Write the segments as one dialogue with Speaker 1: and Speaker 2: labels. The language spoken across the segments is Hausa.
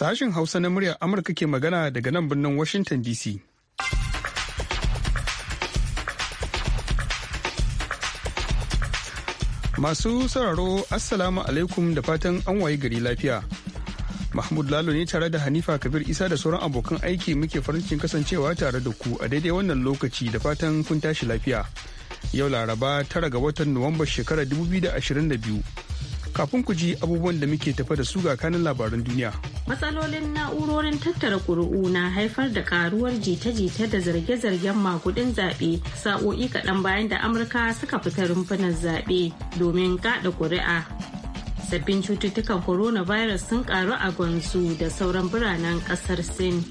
Speaker 1: Sashen Hausa na muryar Amurka ke magana daga nan birnin Washington DC. Masu sauraro Assalamu alaikum da fatan an waye gari lafiya. Mahmud Lalo ne tare da Hanifa Kabir Isa da sauran abokan aiki muke farin kasancewa tare da ku a daidai wannan lokaci da fatan kun tashi lafiya. Yau Laraba tara ga watan Nuwamba shekarar 2022. kafin ku ji abubuwan da muke tafa da su ga kanin labaran duniya.
Speaker 2: Matsalolin na'urorin tattara ƙuri'u na haifar da karuwar jita-jita da zarge-zargen makudin zaɓe sa'o'i kaɗan bayan da Amurka suka fita rumfunan zaɓe domin kaɗa ƙuri'a. Sabbin cututtukan coronavirus sun ƙaru a Gwanzu da sauran biranen ƙasar Sin.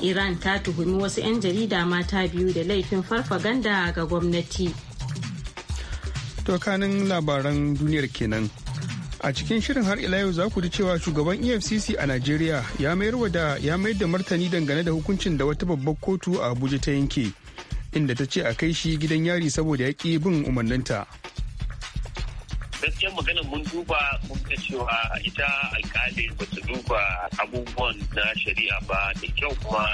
Speaker 2: Iran ta tuhumi wasu 'yan jarida mata biyu da laifin farfaganda ga gwamnati.
Speaker 1: To labaran duniyar kenan. a cikin shirin har ila yau za ku ji cewa shugaban efcc a najeriya ya mayar da ya mayar da martani dangane da hukuncin da wata babbar kotu a abuja ta yanke inda ta ce a kai shi gidan yari saboda ya ƙi bin umarninta
Speaker 3: gaskiyar magana mun duba mun ga cewa ita alkali ba su duba abubuwan na shari'a ba da kyau kuma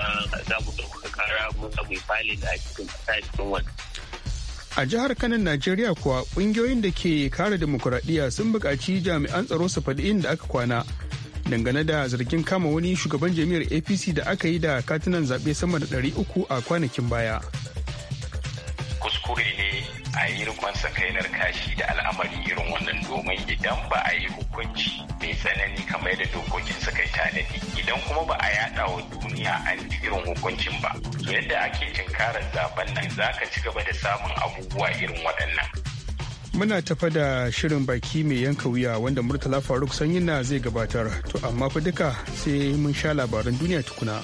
Speaker 3: za mu ɗauka kara mun samu fali da cikin kasa cikin wani
Speaker 1: A jihar Kanan Najeriya kuwa kungiyoyin da ke kare demokuraɗiyya sun buƙaci jami'an tsaro su faɗi inda aka kwana dangane da zargin kama wani shugaban jami'ar APC da aka yi da katunan zaɓe sama da ɗari uku a kwanakin baya.
Speaker 4: Kuskure ne a yi rikon sakainar kashi da al'amari irin domin idan ba a yi hukunci mai tsanani kamar da dokokin suka yi tanadi idan kuma ba a yada wa duniya an irin hukuncin ba yadda ake tunkarar zaben nan za ka ci gaba da samun abubuwa irin waɗannan
Speaker 1: muna tafa da shirin baki mai yanka wuya wanda murtala faruk sanyi na zai gabatar to amma fa duka sai mun sha labaran duniya tukuna.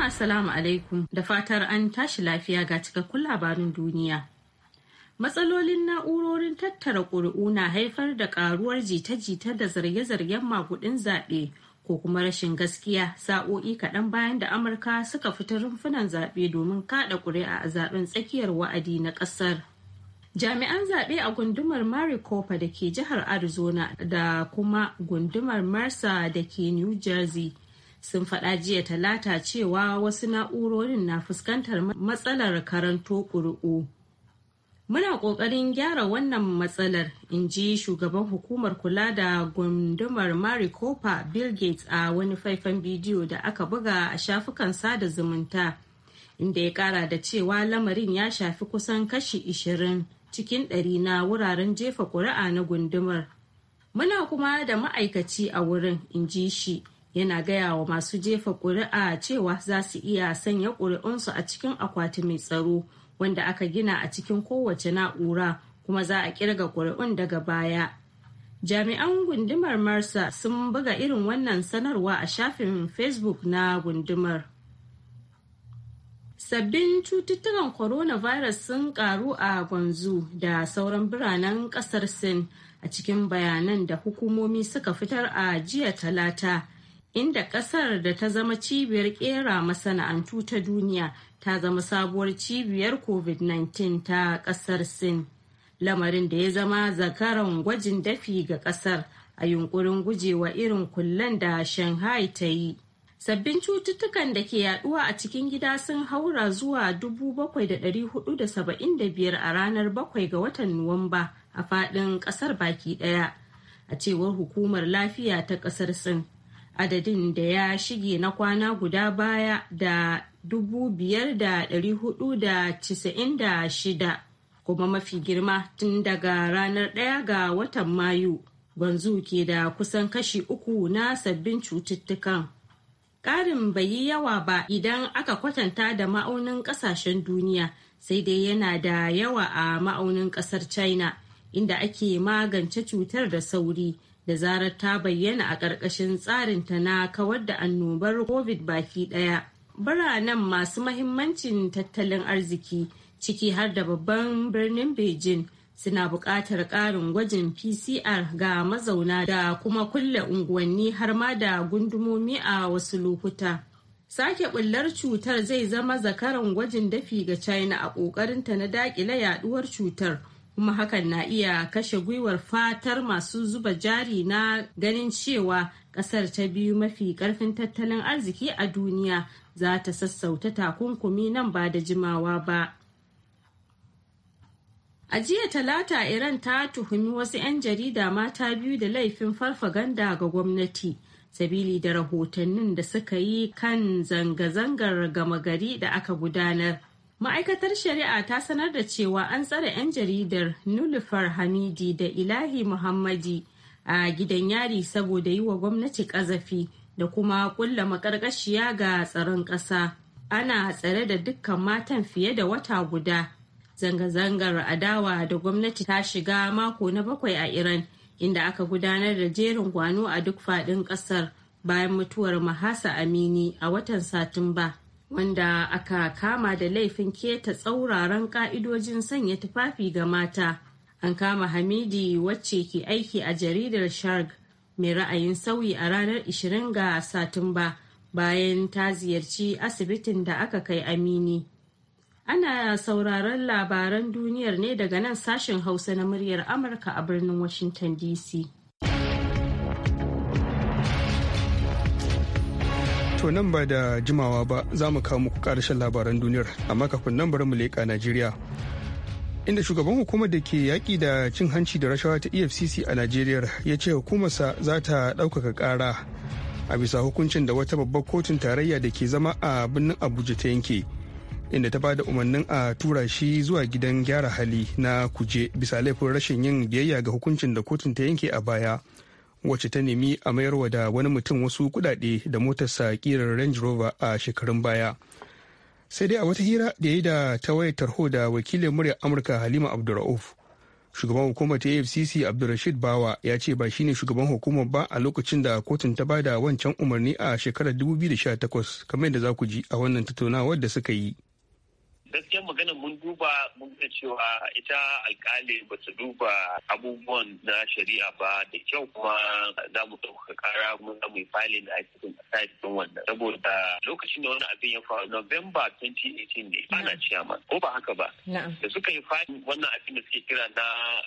Speaker 2: Jama'a salamu alaikum da fatar an tashi lafiya ga cikakkun labarin duniya. Matsalolin na'urorin tattara ƙuri'u na haifar da ƙaruwar jita-jita da zarge-zargen maguɗin zaɓe ko kuma rashin gaskiya sa'o'i kaɗan bayan da Amurka suka fita rumfunan zaɓe domin kaɗa ƙuri'a a zaɓen tsakiyar wa'adi na ƙasar. Jami'an zaɓe a gundumar Maricopa da ke jihar Arizona da kuma gundumar Mercer da ke New Jersey sun faɗa jiya talata cewa wasu na'urorin na fuskantar matsalar karanto ƙuri'u. Muna ƙoƙarin gyara wannan matsalar, in ji shugaban hukumar kula da gundumar Maricopa Bill Gates a wani faifan bidiyo da aka buga a shafukan sada zumunta, inda ya ƙara da cewa lamarin ya shafi kusan kashi 20 cikin ɗari na wuraren jefa ƙuri'a na gundumar. Muna kuma da ma'aikaci a wurin, in ji shi. yana gaya wa masu jefa ƙuri'a cewa za su iya sanya ƙuri'unsu a cikin akwati mai tsaro wanda aka gina a cikin kowace na'ura kuma za a kirga ƙuri'un daga baya jami'an gundumar marsa sun buga irin wannan sanarwa a shafin facebook na gundumar sabbin cututtukan coronavirus sun karu a gwanzu da sauran biranen kasar sin a cikin bayanan da hukumomi suka fitar a jiya talata inda kasar da ta zama cibiyar kera masana'antu ta duniya ta zama sabuwar cibiyar covid-19 ta kasar sin lamarin da ya zama zakaran gwajin dafi ga kasar a yunkurin gujewa irin kullen da shanghai ta yi sabbin cututtukan da ke yaduwa a cikin gida sun haura zuwa 7,475 a ranar 7 ga watan nuwamba a fadin ƙasar baki ɗaya a cewar hukumar lafiya ta ƙasar sin adadin da ya shige na kwana guda baya da 5,496 kuma mafi girma tun daga ranar 1 ga watan mayu gwanzu ke da kusan kashi uku na sabbin cututtukan ƙarin bai yi yawa ba idan aka kwatanta da ma'aunin ƙasashen duniya sai dai yana da yawa a ma'aunin ƙasar china inda ake magance cutar da sauri da zarar ta bayyana a ƙarƙashin tsarinta na kawar da annobar covid baki ɗaya. Biranen masu mahimmancin tattalin arziki ciki har da babban birnin Beijing suna buƙatar ƙarin gwajin PCR ga mazauna da kuma kulle unguwanni har ma da gundumomi a wasu lokuta. Sake bullar cutar zai zama zakaran gwajin dafi ga China a ƙoƙarinta na daƙile yaɗuwar cutar. kuma hakan na iya kashe gwiwar fatar masu zuba jari na ganin cewa kasar ta biyu mafi karfin tattalin arziki a duniya za ta sassauta takunkumi nan ba da jimawa ba a jiya talata iran ta tuhumi wasu 'yan jarida mata biyu da laifin farfaganda ga gwamnati sabili da rahotannin da suka yi kan zanga-zangar gama gari da aka gudanar Ma'aikatar Shari'a ta sanar da cewa an tsare 'yan jaridar Nulufar Hamidi da Ilahi Muhammadi a gidan yari saboda yi wa gwamnati ƙazafi da kuma kulla maƙarƙashiya ga tsaron ƙasa. Ana tsare da dukkan matan fiye da wata guda. Zanga-zangar adawa da gwamnati ta shiga mako na bakwai a Iran, inda aka gudanar da jerin gwano a duk faɗin ƙasar bayan mutuwar Mahasa Amini a watan Satumba. wanda aka kama da laifin keta tsauraran ka'idojin sanya tufafi ga mata an kama hamidi wacce ke aiki a jaridar shark mai ra'ayin sauyi a ranar 20 ga satumba bayan ta ziyarci asibitin da aka kai amini ana sauraron labaran duniyar ne daga nan sashen hausa na muryar amurka a birnin washington dc
Speaker 1: To nan ba da jimawa ba za mu kawo muku karshen labaran duniyar amma kafin nan bari mu leƙa Najeriya. Inda shugaban hukumar da ke yaƙi da cin hanci da rashawa ta EFCC a Najeriya ya ce hukumarsa za ta ɗaukaka ƙara a bisa hukuncin da wata babbar kotun tarayya da ke zama a birnin Abuja ta yanke. inda ta bada umarnin a tura shi zuwa gidan gyara hali na kuje bisa laifin rashin yin biyayya ga hukuncin da kotun ta yanke a baya wacce ta nemi a mayarwa da wani mutum wasu kudade da motarsa kirar range rover a shekarun baya sai dai a wata hira da yi da ta waye tarho da wakilin muryar amurka halima abdulra'uf shugaban hukumar ta afcc abdulrashid bawa ya ce ba shine shugaban hukumar ba a lokacin da kotun ta bada wancan umarni a shekarar 2018 kamar yadda za ku ji a wannan tattaunawar da suka yi
Speaker 3: gaskiyar maganar duba mun ga cewa ita alkali ba ta duba abubuwan na shari'a ba da kyau kuma za mu ɗaukaka kara mun za mu yi filin a cikin side ɗin wannan saboda lokacin da wani abin ya faru November 2018 ne ana ma. ko ba haka ba da suka yi fadi wannan abin da suke kira na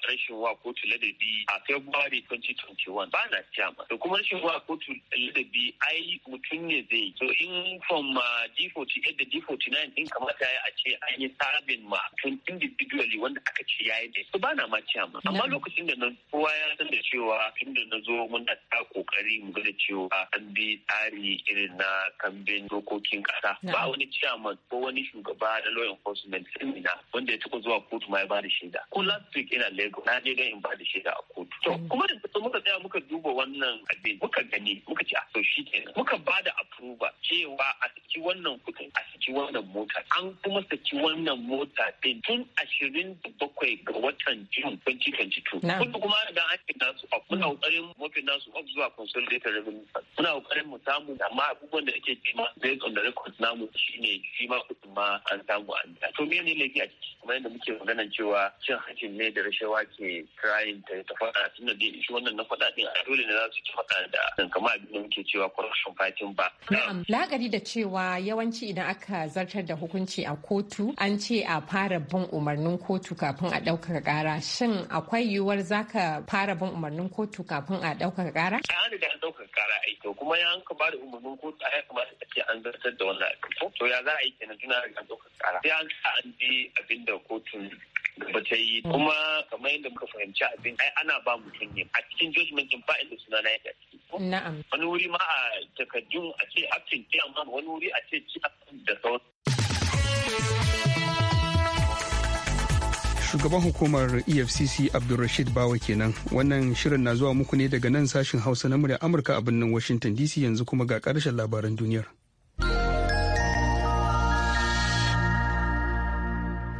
Speaker 3: rashin wa kotu ladabi a February 2021 ba na ma. da kuma rashin wa kotu ladabi ai mutum ne zai so in from uh, D48 da D49 din kamata ya a ce an yi sabin ma tun individually wanda aka ce yayi da su ba na ma ma amma lokacin da na kowa ya san da cewa tun da na zo muna ta kokari mu ga da cewa an bi tsari tsari irin na kambin dokokin kasa ba wani chairman ko wani shugaba na law enforcement seminar wanda ya tuko zuwa kotu ma ya bada shaida ko last week ina lagos na je don in bada shaida a kotu to mm. kuma da muka tsaya muka duba wannan abin muka gani muka ci a ah, so shi kenan muka bada approval cewa a saki wannan kudin a saki wannan mota an kuma saki wannan mota din tun ashirin da bakwai ga watan june 2022 kuma kuma da an kira su muna kokarin mm. mafi nasu up zuwa consolidated revenue muna kokarin mu samu samu amma abubuwan da ake jima ma based on the namu shine shi ma kudin ma an samu an da to me ne laifi a ciki kamar yadda muke magana cewa cin hakin ne da rashawa ke trying ta ta faɗa tun da shi wannan na faɗa din a dole ne za su ci faɗa da kama abin da muke cewa corruption fighting ba.
Speaker 2: Na'am la'akari da cewa yawanci idan aka zartar da hukunci a kotu an ce a fara bin umarnin kotu kafin a ɗaukar ƙara shin akwai yiwuwar zaka fara bin umarnin kotu kafin a ɗaukar ƙara?
Speaker 3: An da an ɗaukar ƙara ai kuma ya an ba da umarnin ko a ya kamata a ce an zartar da wannan ko to ya za a yi kenan tuna da ɗaukar kara sai an sa an bi abin da
Speaker 2: kotun gaba ta yi kuma kamar yadda muka fahimci abin ai ana ba mutum ne a cikin judgment din ba inda suna na ya na'am wani
Speaker 3: wuri ma a takaddun a ce hafin ce amma wani wuri a ce ci da sauran
Speaker 1: shugaban hukumar efcc abdulrashid bawa kenan wannan shirin na zuwa muku ne daga nan sashin hausa na murya amurka a birnin washington dc yanzu kuma ga karshen labaran duniyar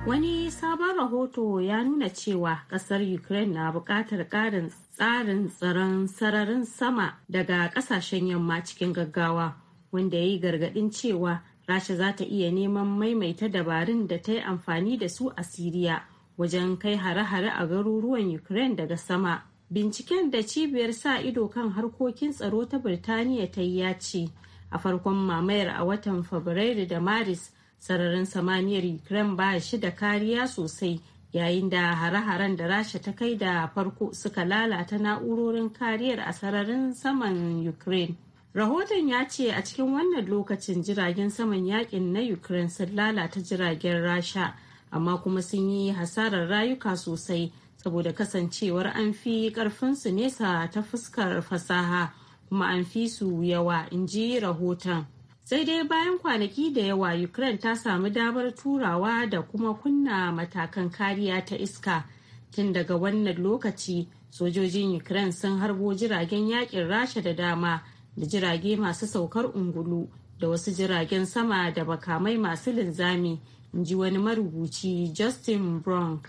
Speaker 2: wani sabon rahoto ya nuna cewa kasar ukraine na bukatar karin tsarin tsaron sararin sama daga kasashen yamma cikin gaggawa wanda ya yi gargadin cewa rasha za ta iya neman maimaita dabarun da ta yi amfani da su a siriya wajen kai hare-hare a garuruwan Ukraine daga sama. Binciken da cibiyar sa ido kan harkokin tsaro ta Birtaniya ta yi ya ce a farkon mamayar a watan Fabrairu da Maris sararin samaniyar Ukraine ba shi da kariya sosai yayin da hare-haren da Rasha ta kai da farko suka lalata na'urorin kariyar a sararin saman Ukraine. Rahoton ya ce a cikin wannan lokacin jiragen saman yakin na Ukraine sun lalata jiragen Rasha amma kuma sun yi hasarar rayuka sosai saboda kasancewar an fi karfinsu nesa ta fuskar fasaha kuma an fi su yawa in ji rahoton sai dai bayan kwanaki da yawa ukraine ta samu damar turawa da kuma kunna matakan kariya ta iska tun daga wannan lokaci sojojin ukraine sun harbo jiragen yakin rasha da dama da jirage masu saukar ungulu da wasu jiragen sama da bakamai masu linzami ji wani marubuci Justin Bronk.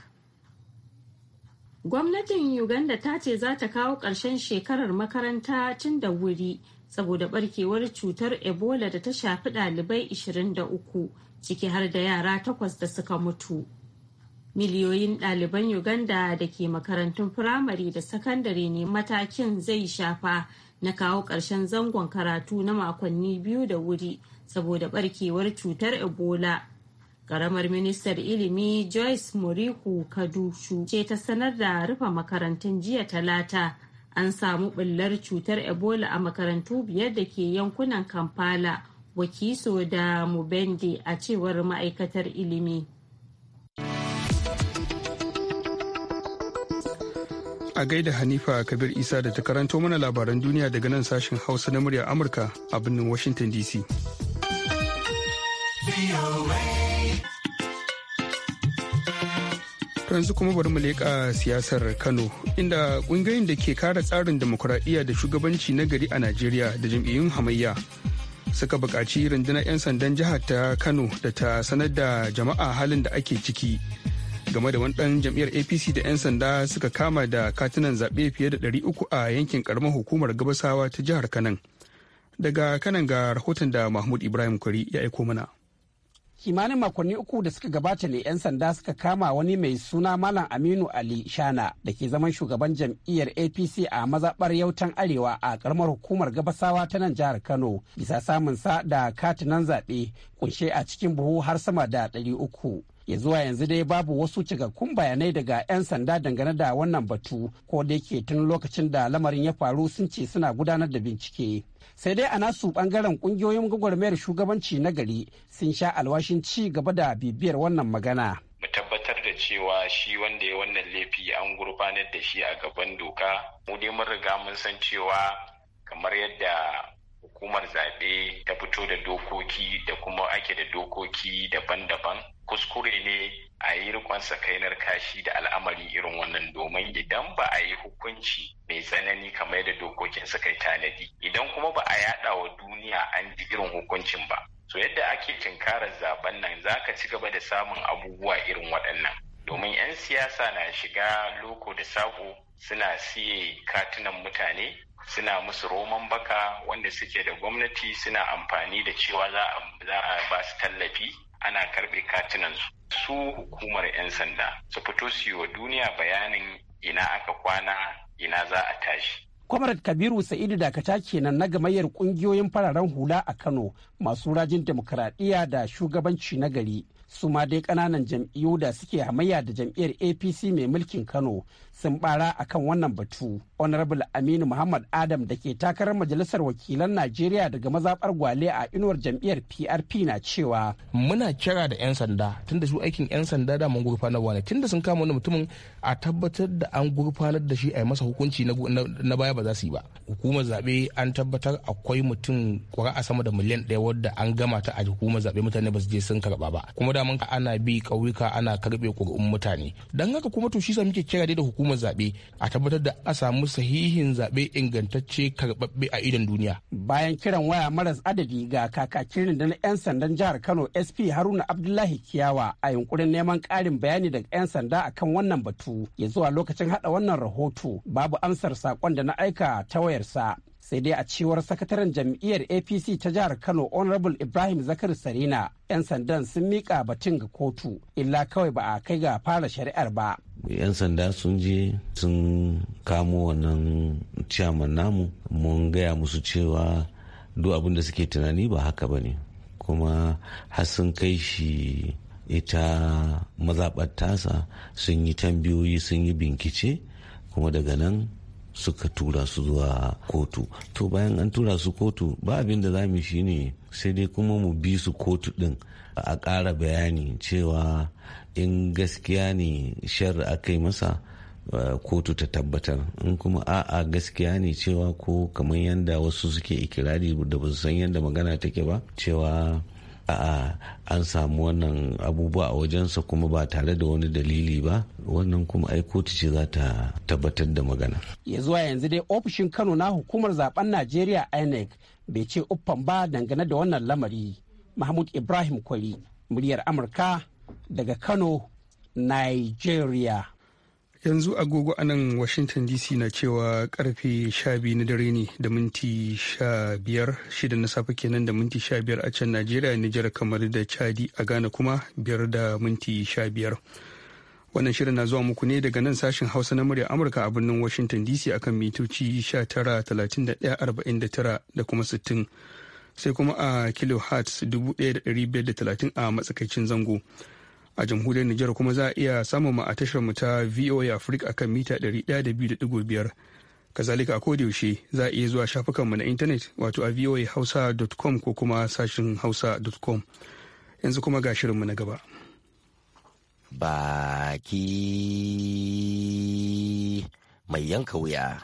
Speaker 2: Gwamnatin Uganda ta ce za ta kawo ƙarshen shekarar makaranta tun da wuri saboda barkewar cutar Ebola da ta shafi ɗalibai 23 ciki har da yara takwas da suka mutu. Miliyoyin ɗaliban Uganda da ke makarantun firamare da sakandare ne matakin zai shafa na kawo ƙarshen zangon karatu na makonni biyu da wuri saboda barkewar cutar Ebola. Karamar ministar ilimi Joyce Muriku Kadushu ce ta sanar da rufe makarantun jiya talata. An samu ɓullar cutar Ebola a makarantu biyar da ke yankunan Kampala, Wakiso da Mubende a cewar ma'aikatar ilimi.
Speaker 1: A gaida Hanifa Kabir Isa da ta karanto mana labaran duniya daga nan sashen Hausa na murya Amurka a birnin Washington DC. To yanzu kuma bari mu leƙa siyasar Kano inda ƙungiyoyin da ke kare tsarin demokuraɗiyya da shugabanci na gari a Najeriya da jam'iyyun hamayya suka buƙaci rundunar 'yan sandan jihar ta Kano da ta sanar da jama'a halin da ake ciki game da wani ɗan jam'iyyar APC da 'yan sanda suka kama da katunan zaɓe fiye da 300 a yankin ƙaramar hukumar gabasawa ta jihar Kanan. Daga Kanan ga rahoton da Mahmud Ibrahim Kwari ya aiko mana.
Speaker 5: kimanin makonni uku da suka gabata ne 'yan sanda suka kama wani mai suna malam aminu ali shana da ke zaman shugaban jam'iyyar apc a mazaɓar yautan arewa a karamar hukumar gabasawa ta nan jihar kano bisa samun sa da katinan zaɓe kunshe a cikin buhu har sama da ɗari uku ya zuwa yanzu dai babu wasu cikakkun bayanai daga 'yan sanda dangane da wannan batu ko da yake tun lokacin da lamarin ya faru sun ce suna gudanar da bincike sai dai a nasu bangaren kungiyoyin gwagwarmayar shugabanci na gari sun sha alwashin ci gaba da bibiyar wannan magana
Speaker 4: mu tabbatar da cewa shi wanda ya wannan laifi an gurfanar da shi a gaban doka mu dai mun riga mun san cewa kamar yadda hukumar zaɓe ta fito da dokoki da kuma ake da dokoki daban-daban kuskure ne a yi rikon sakainar kashi da al'amari irin wannan domin idan ba a yi hukunci mai tsanani kamar da dokokin suka yi tanadi idan kuma ba a yaɗa wa duniya an ji irin hukuncin ba so yadda ake tinkarar zaben nan zaka ci gaba da samun abubuwa irin waɗannan domin 'yan siyasa na shiga loko da sako suna siye katunan mutane suna musu roman baka wanda suke da gwamnati suna amfani da cewa za a ba su tallafi ana karbe katinan su hukumar 'yan sanda su fito su yi wa duniya bayanin ina aka kwana ina za a tashi
Speaker 5: kwamar kabiru sa'idu dakata kenan na gamayyar kungiyoyin fararen hula a kano masu rajin demokuraɗiyya da shugabanci na gari su ma dai ƙananan jam'iyyu da suke hamayya da jam'iyyar apc mai mulkin kano sun bara a kan wannan batu honorable aminu muhammad adam da ke takarar majalisar wakilan najeriya daga mazaɓar gwale a inuwar jam'iyyar prp na cewa muna kira da 'yan sanda tunda su aikin 'yan sanda da mun gurfanarwa ne tunda sun kama wani mutumin a tabbatar da an gurfanar da shi a yi masa hukunci na baya ba za su yi ba hukumar zaɓe an tabbatar akwai mutum a sama da miliyan ɗaya wadda an gama ta a hukumar zaɓe mutane ba su je sun karɓa ba kuma da ana bi ƙauyuka ana karɓe ƙuri'un mutane Dan haka kuma to shi sa muke kira dai da hukumar hukumar zaɓe a tabbatar da a samu sahihin zaɓe ingantacce karɓaɓɓe a idon duniya. Bayan kiran waya maras adadi ga kakakin da na 'yan sandan jihar Kano SP Haruna Abdullahi Kiyawa a yunkurin neman ƙarin bayani daga 'yan sanda akan wannan batu ya zuwa lokacin haɗa wannan rahoto babu amsar saƙon da na aika ta wayarsa. sai dai a cewar sakataren jam'iyyar apc ta jihar kano honorable ibrahim zakar sarina 'yan sandan sun mika batun ga kotu illa kawai ba a kai ga fara shari'ar ba
Speaker 6: 'yan sanda sun je sun kamo wannan ciyaman namu mun gaya musu cewa duk abin da suke tunani ba haka ba ne kuma har sun kai shi ita mazaɓar tasa sun yi tambayoyi sun yi binkice kuma daga nan suka tura su zuwa kotu to bayan an tura su kotu ba abin da za mu shi ne sai dai kuma mu bi su kotu din a ƙara bayani cewa in gaskiya ne shar aka yi masa kotu ta tabbatar in kuma a'a gaskiya ne cewa ko kamar yadda wasu suke ikirari da ba su san yadda magana take ba cewa A'a, an samu wannan abubuwa a wajensa kuma ba tare da wani dalili ba wannan kuma ai kotu ce za ta tabbatar da magana
Speaker 5: ya zuwa yanzu dai ofishin kano na hukumar zaben najeriya inec bai ce uffan ba dangane da wannan lamari mahmud ibrahim kwari muryar amurka daga kano nigeria
Speaker 1: yanzu agogo a nan washington dc na cewa karfe 12 na dare ne da minti 15 shida na safe kenan da minti 15 a can najeriya nijar kamar da chadi a ghana kuma biyar da minti 15 wannan shirin na zuwa muku ne daga nan sashen hausa na murya amurka a birnin washington dc akan mitoci 19,31,49 da kuma 60 sai kuma a kilohertz 1530 a matsakaicin zango. a jamhuriyar Nijar kuma za a iya samun mu a tashar mu ta VOA Africa akan mita 102.5 kazalika a yaushe za a iya zuwa shafukan mu na intanet wato a voahausa.com ko kuma sashin hausa.com yanzu kuma ga shirin mu na gaba
Speaker 7: baki mai yanka wuya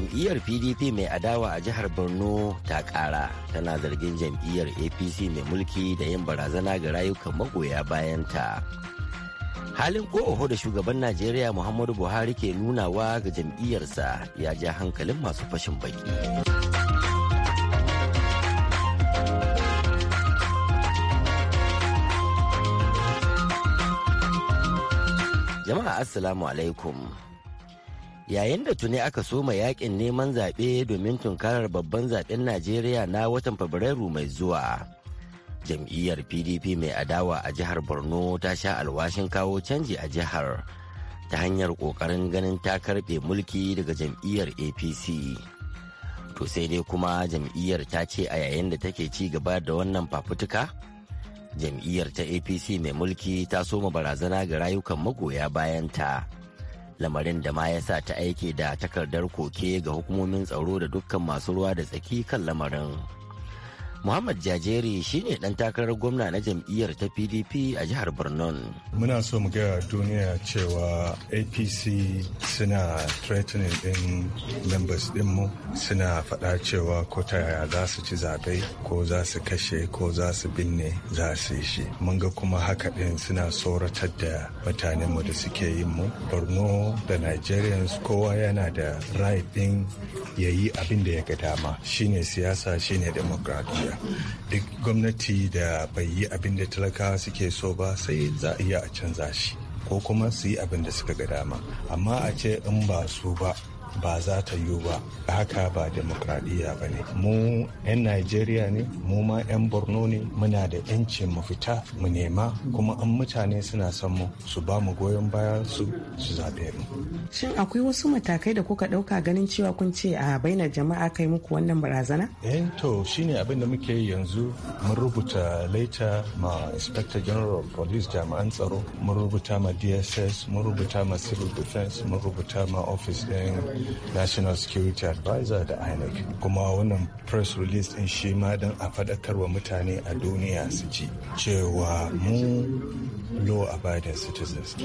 Speaker 7: jam'iyyar pdp mai adawa a jihar borno ta kara tana zargin jam'iyyar apc mai mulki da yin barazana ga rayukan magoya bayanta halin ko oho da shugaban najeriya muhammadu buhari ke nunawa ga jam'iyyarsa ya ja hankalin masu fashin baki jama'a assalamu alaikum yayin da tuni aka soma yakin neman zaɓe domin tunkarar babban zaɓen najeriya na watan fabrairu mai zuwa jam'iyyar pdp mai adawa a jihar borno ta sha alwashin kawo canji a jihar ta hanyar ƙoƙarin ganin ta karbe mulki daga jam'iyyar apc to sai dai kuma jam'iyyar ta ce a yayin da take ci gaba da wannan fafutuka jam'iyyar ta apc mai mulki ta soma barazana ga rayukan magoya bayan ta lamarin da ma ya sa ta aike da takardar koke ga hukumomin tsaro da dukkan masu ruwa da tsaki kan lamarin Muhammad Jajeri shine dan takarar gwamna na jam'iyyar ta PDP a jihar Borno.
Speaker 8: Muna so mu ga duniya cewa APC suna threatening din members dinmu suna faɗa cewa ko ta yaya za su ci zaɓe ko za su kashe ko za su binne za su yi shi. Mun ga kuma haka din suna tsoratar da mutanen mu da suke yin mu. Borno da Nigerians kowa yana da right din ya yi abin da ya ga dama shine siyasa shine demokradiyya. duk gwamnati da bai yi abin da talakawa suke so ba sai za a iya a canza shi ko kuma su yi abin da suka ga dama amma a ce in ba su ba ba za ta yiwu ba haka ba demokradiyya ba ne mu 'yan najeriya ne mu ma 'yan borno ne muna da 'yancin mu fita mu nema kuma an mutane suna son mu su ba mu goyon baya su su zabe mu
Speaker 2: shin akwai wasu matakai da kuka ɗauka ganin cewa kun ce a bainar jama'a kai muku wannan barazana
Speaker 8: eh to shine abin da muke yanzu mun rubuta laita ma inspector general of police jami'an tsaro mun rubuta ma dss mun rubuta ma civil defense mun rubuta ma office din national security advisor da inec kuma wannan press release din shi ma don a faɗakarwa mutane a duniya su ji cewa mu law abiding citizens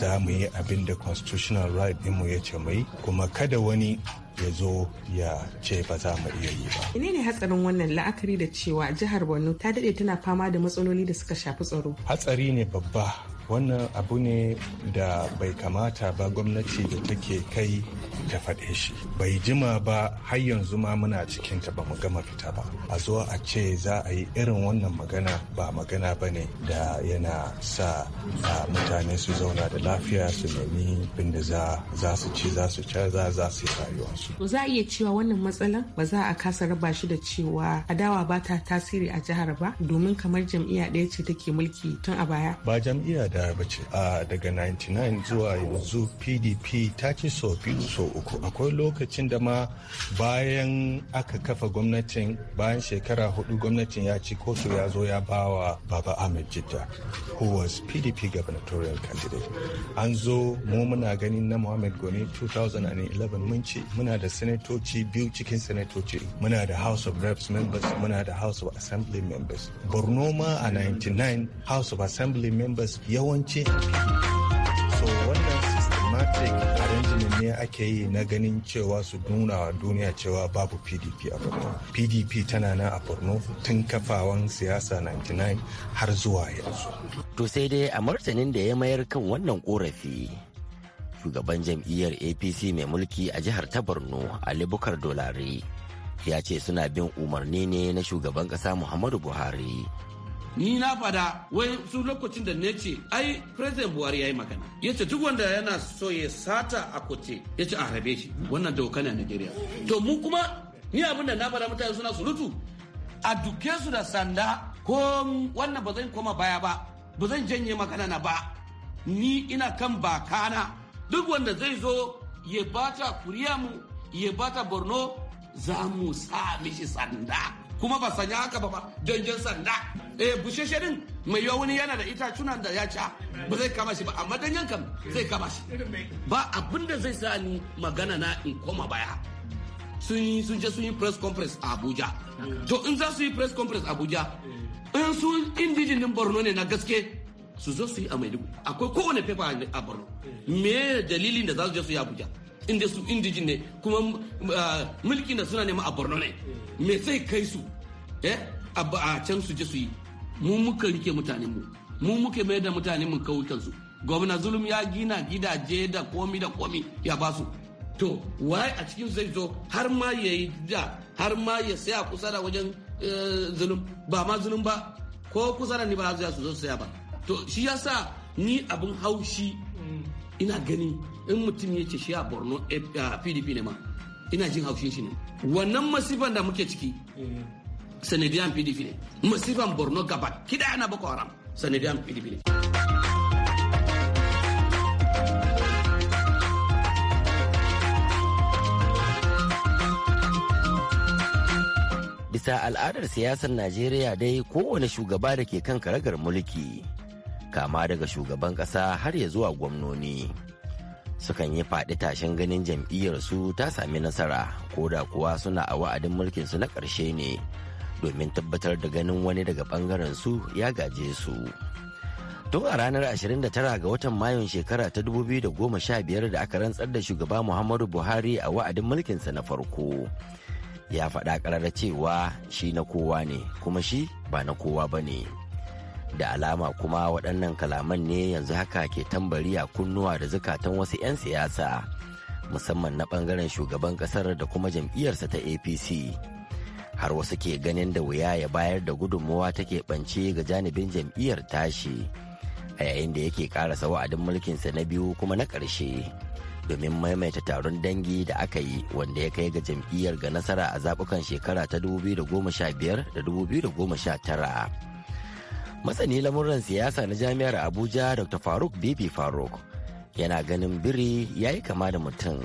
Speaker 8: za mu yi abin da constitutional right dinmu ya ce mai kuma kada wani ya zo ya ce ba za mu iya yi ba.
Speaker 2: Ine ne hatsarin wannan la'akari da cewa jihar Borno ta daɗe tana fama da matsaloli da suka shafi tsaro?
Speaker 8: Hatsari ne babba wannan abu ne da bai kamata ba gwamnati da take kai ta faɗe shi bai jima ba har yanzu ma muna cikin ta ba mu gama fita ba a zo a ce za a yi irin wannan magana ba magana ba ne da yana sa mutane su zauna da lafiya su nemi bin za su ci za su ci za za su rayuwarsu. to
Speaker 2: za a iya cewa wannan matsala ba za a kasa raba shi da cewa adawa ba ta tasiri a jihar ba domin kamar jam'iya ɗaya ce take mulki tun a baya
Speaker 8: ba jam'iyya da bace a daga 99 zuwa yanzu pdp ta ci so biyu so uku akwai lokacin da ma bayan aka kafa gwamnatin bayan shekara hudu gwamnatin ya ci koso ya zo ya bawa baba ahmed jitta who was pdp gubernatorial candidate an zo mu muna ganin na muhammad goni 2011 mun ci muna da sanatoci biyu cikin sanatoci muna da house of reps members muna da house of assembly members borno ma a 99 house of assembly members yau yawanci so wannan systematic arrangement ne ake yi na ganin cewa su nuna wa duniya cewa babu pdp a borno pdp tana nan a borno tun kafawan siyasa 99 har zuwa yanzu
Speaker 7: to sai dai a martanin da ya mayar kan wannan korafi shugaban jam'iyyar apc mai mulki a jihar ta borno ali bukar dolari ya ce suna bin umarni ne na shugaban kasa muhammadu buhari
Speaker 6: ni na fada wai su lokacin da ne ce ai president buhari ya yi magana ya ce duk wanda yana so ya sata a kwace ya ce a rabe shi wannan doka ne a nigeria to mu kuma ni abin da na fada mutane suna surutu a duke su da sanda ko wannan ba zan koma baya ba ba zan janye magana na ba ni ina kan bakana duk wanda zai zo ya bata kuriya mu ya bata borno za mu sa mishi sanda kuma ba sanya haka ba ma sanda eh bushe din mai yiwa wani yana da itacunan da ya ci ah, ba zai kama shi ba amma danyen kam zai kama shi ba abin da zai sa ni magana na in koma baya sun yi sun je sun yi press conference a Abuja to in za su yi press conference a Abuja in su indijinin Borno ne na gaske su zo su yi a Maiduguri akwai kowane paper a Borno me dalilin da za su je su yi Abuja inda su indijin ne kuma ah, mulkin da suna nema a Borno ne me sai kai su eh a can su je su yi mu muka rike mutanen mu mu muka mai da mutanen mu kauyukan su gwamna zulum ya gina gidaje da komi da komi ya ba su to wai a cikin zai zo har ma ya yi da har ma ya saya kusa da wajen eh, zulum ba ma zulum ba ko kusa da ni ba za su zo saya ba to shi yasa ni abin haushi ina gani in mutum ya ce shi a borno pdp eh, ne ma ina jin haushin shi ne wannan masifan da muke ciki eh. sanadiyan pdp masifan borno gaba kida na boko haram sanadiyan pdp
Speaker 7: bisa al'adar siyasar najeriya dai kowane shugaba da ke kan karagar mulki kama daga shugaban kasa har ya zuwa gwamnoni sukan yi faɗi tashin ganin jam'iyyarsu ta sami nasara ko da kuwa suna a wa'adin mulkinsu na ƙarshe ne domin tabbatar da ganin wani daga bangaren su ya gaje su tun a ranar 29 ga watan mayun shekara ta 2015 da aka rantsar da shugaba muhammadu buhari a wa'adin mulkin sa na farko ya faɗa ƙarar cewa shi na kowa ne kuma shi ba na kowa ba ne da alama kuma waɗannan kalaman ne yanzu haka ke tambari a kunnuwa da zukatan wasu 'yan siyasa musamman na ɓangaren shugaban ƙasar da kuma jam'iyyarsa ta apc har wasu ke ganin da wuya ya bayar da gudunmuwa take ɓance ga janibin jam'iyyar tashi a yayin da yake karasa wa'adin mulkinsa na biyu kuma na ƙarshe domin maimaita taron dangi da aka yi wanda ya kai ga jam'iyyar ga nasara a zaɓukan shekara ta 2015 da 2019 masani lamuran siyasa na jami'ar abuja dr faruk bibi faruk yana ganin biri ya yi kama da mutum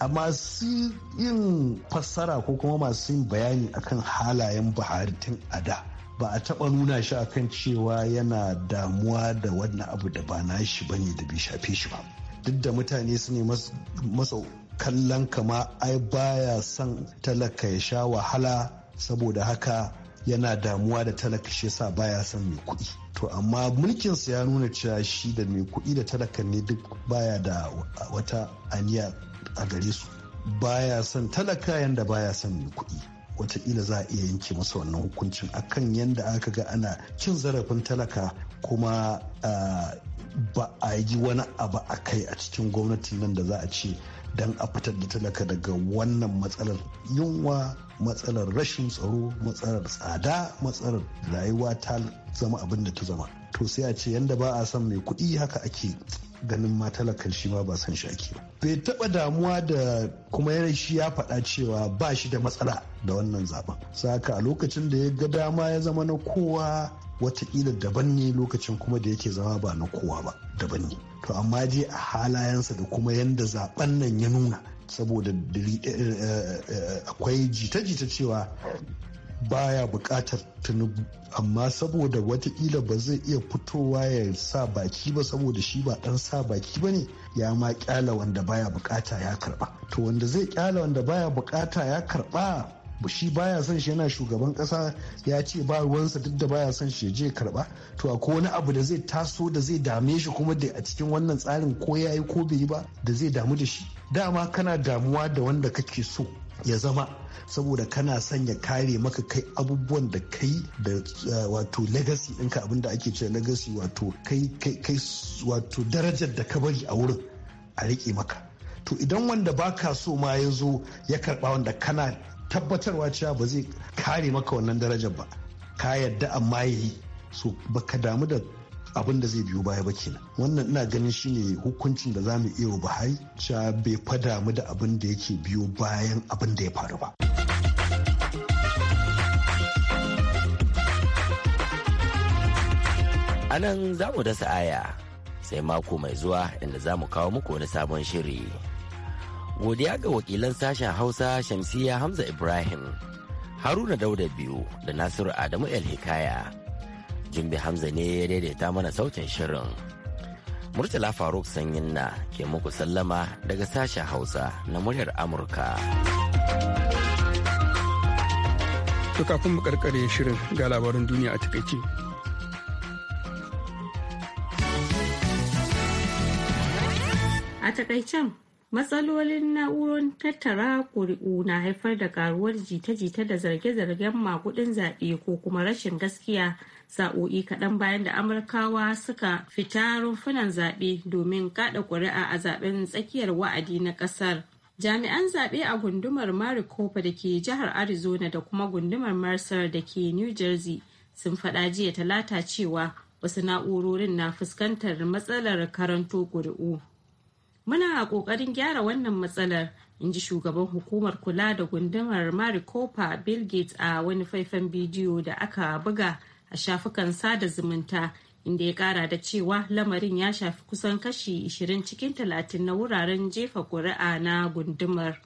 Speaker 9: a masu yin fassara ko kuma masu yin bayani akan halayen buhari tun a da ba a taba nuna shi akan cewa yana damuwa da wannan abu da ba na shi bane da bai shafe shi ba duk da mutane su ne masa kallon kama ai baya son talaka ya sha wahala saboda haka yana damuwa da talaka shi sa baya son mai kuɗi to amma mulkinsa ya nuna cewa shi da mai kuɗi da talaka ne duk baya da wata aniya a gare su baya son talaka yanda baya son mai kuɗi wataƙila za a iya yanke masa wannan hukuncin akan yanda aka ga ana cin zarafin talaka kuma ba a yi wani abu a kai a cikin gwamnati nan da za a ce don a fitar da talaka daga wannan matsalar yunwa matsalar rashin tsaro matsalar tsada matsalar rayuwa ta zama abin da ta zama to sai a ce yanda ba a son mai kuɗi haka ake ganin ma talakan shi ma ba san shi ake bai taba damuwa da kuma yana shi ya faɗa cewa ba shi da matsala da wannan zaben saka a lokacin da ya ga dama ya zama na kowa watakila daban ne lokacin kuma da yake zama ba na kowa ba daban ne to amma je a halayensa da kuma yanda zaben nan ya nuna saboda eh, eh, eh, akwai jita-jita cewa baya bukatar tunubu amma saboda watakila ba zai iya fitowa ya sa baki ba saboda shi ba dan sa baki ba ne ya ma kyala wanda baya bukata ya karba to wanda zai kyala wanda baya bukata ya karba shi baya son shi yana shugaban kasa ya ce ba ruwansa duk da baya son shi je karba to akwai wani abu da zai taso da zai dame shi kuma da a cikin wannan tsarin ko ya yi ko bai yi ba da zai damu da shi dama kana damuwa da wanda kake so ya zama saboda kana sanya kare maka kai abubuwan da kai da eh, wato legacy ɗinka abinda ake cewa legacy wato kai kai wato darajar da ka bari a wurin a riƙe maka to idan wanda ba ka so ma ya zo ya karɓa wanda kana tabbatarwa cewa ba zai kare maka wannan darajar ba ka yadda amma ya yi so baka damu da abin da zai biyo baya ba kenan wannan ina ganin shine hukuncin da zamu iya wa buhari cewa bai fada mu da abin da yake biyo bayan abin da ya faru ba
Speaker 7: anan nan za mu dasa aya sai mako mai zuwa inda za mu kawo muku wani sabon shiri godiya ga wakilan sashen hausa shamsiya hamza ibrahim haruna dauda biyu da nasiru adamu el hikaya jimbi hamza ne ya daidaita mana sautin shirin murtala faruk sanyin na ke muku sallama daga sashen hausa na muryar amurka
Speaker 1: to kafin mu karkare shirin ga labarin duniya a takaice
Speaker 2: a takaicen matsalolin na'urar tattara ƙuri'u na haifar da karuwar jita-jita da zarge-zargen makudin zaɓe ko kuma rashin gaskiya sa'o'i kaɗan bayan da amurkawa suka fita rumfunan zaɓe domin kaɗa ƙuri'a a zaɓen tsakiyar wa'adi na ƙasar jami'an zaɓe a gundumar maricopa da ke jihar arizona da kuma gundumar marsar da ke new jersey sun faɗa jiya talata cewa wasu na'urorin na fuskantar matsalar karanto ƙuri'u muna ƙoƙarin gyara wannan matsalar in ji shugaban hukumar kula da gundumar maricopa bill gates a wani faifan bidiyo da aka buga a shafukan sada zumunta inda ya kara da cewa lamarin ya shafi kusan kashi 20 cikin 30 na wuraren jefa kuri'a na gundumar.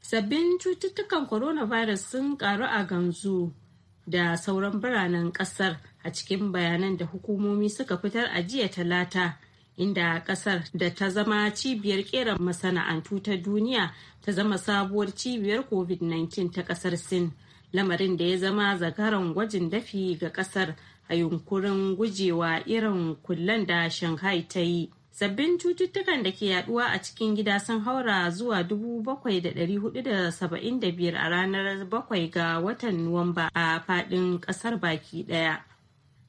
Speaker 2: Sabbin cututtukan coronavirus sun karu a ganzu da sauran biranen kasar a cikin bayanan da hukumomi suka fitar a jiya talata. inda kasar da ta zama cibiyar kera masana'antu ta duniya ta zama sabuwar cibiyar covid-19 ta kasar sin lamarin da ya zama zakaran gwajin dafi ga kasar a yunkurin gujewa irin kullen da shanghai ta yi sabbin cututtukan da ke yaduwa a cikin gida sun haura zuwa 7,475 a ranar 7 ga watan nuwamba a fadin kasar baki daya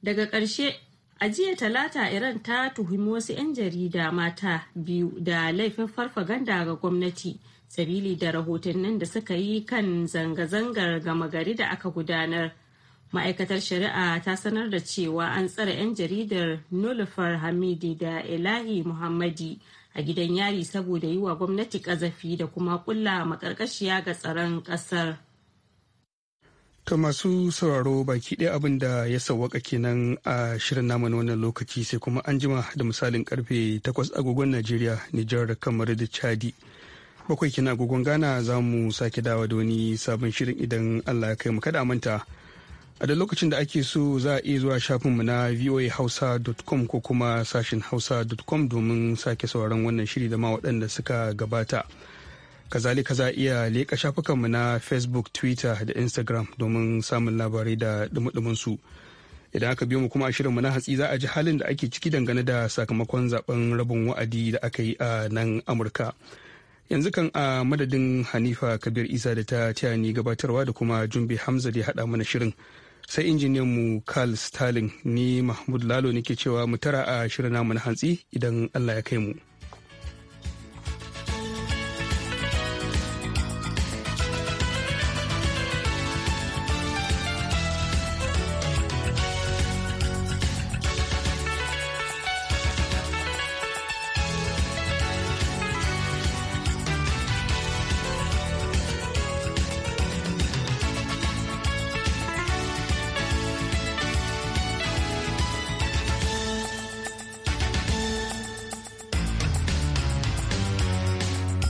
Speaker 2: daga ƙarshe a jiya talata iran ta tuhumi wasu 'yan jarida mata biyu da laifin farfaganda ga gwamnati sabili da rahotannin da suka yi kan zanga-zangar gama gari da aka gudanar ma'aikatar shari'a ta sanar da cewa an tsare 'yan jaridar nolifar hamidi da ilahi muhammadi a gidan yari saboda yi wa gwamnati kazafi da kuma kulla makarkashiya ga tsaron kasar
Speaker 1: ta masu sauraro baki ɗaya abin da ya sauwaka kenan a shirin namu wannan lokaci sai kuma an jima da misalin karfe 8 agogon najeriya nijar kamar da chadi bakwai kina gugun Ghana za mu sake dawa da wani sabon shirin idan Allah ya kai mu kada manta. A da lokacin da ake so za a iya zuwa shafinmu na voahausa.com ko kuma sashin hausa.com domin sake sauran wannan shiri da ma waɗanda suka gabata. Kazalika za a iya leƙa shafukanmu na Facebook, Twitter da Instagram domin samun labarai da dumudumin su. idan aka biyo mu kuma a mu na hatsi za a ji halin da ake ciki dangane da sakamakon zaben rabin wa'adi da aka yi a nan amurka yanzu kan a madadin hanifa kabir isa da ta taya ni gabatarwa da kuma jumbe hamza da haɗa mana shirin sai injiniyan mu karl stalin ni mahmud lalo nake cewa mu tara a shirin namu na hantsi idan allah ya kai mu.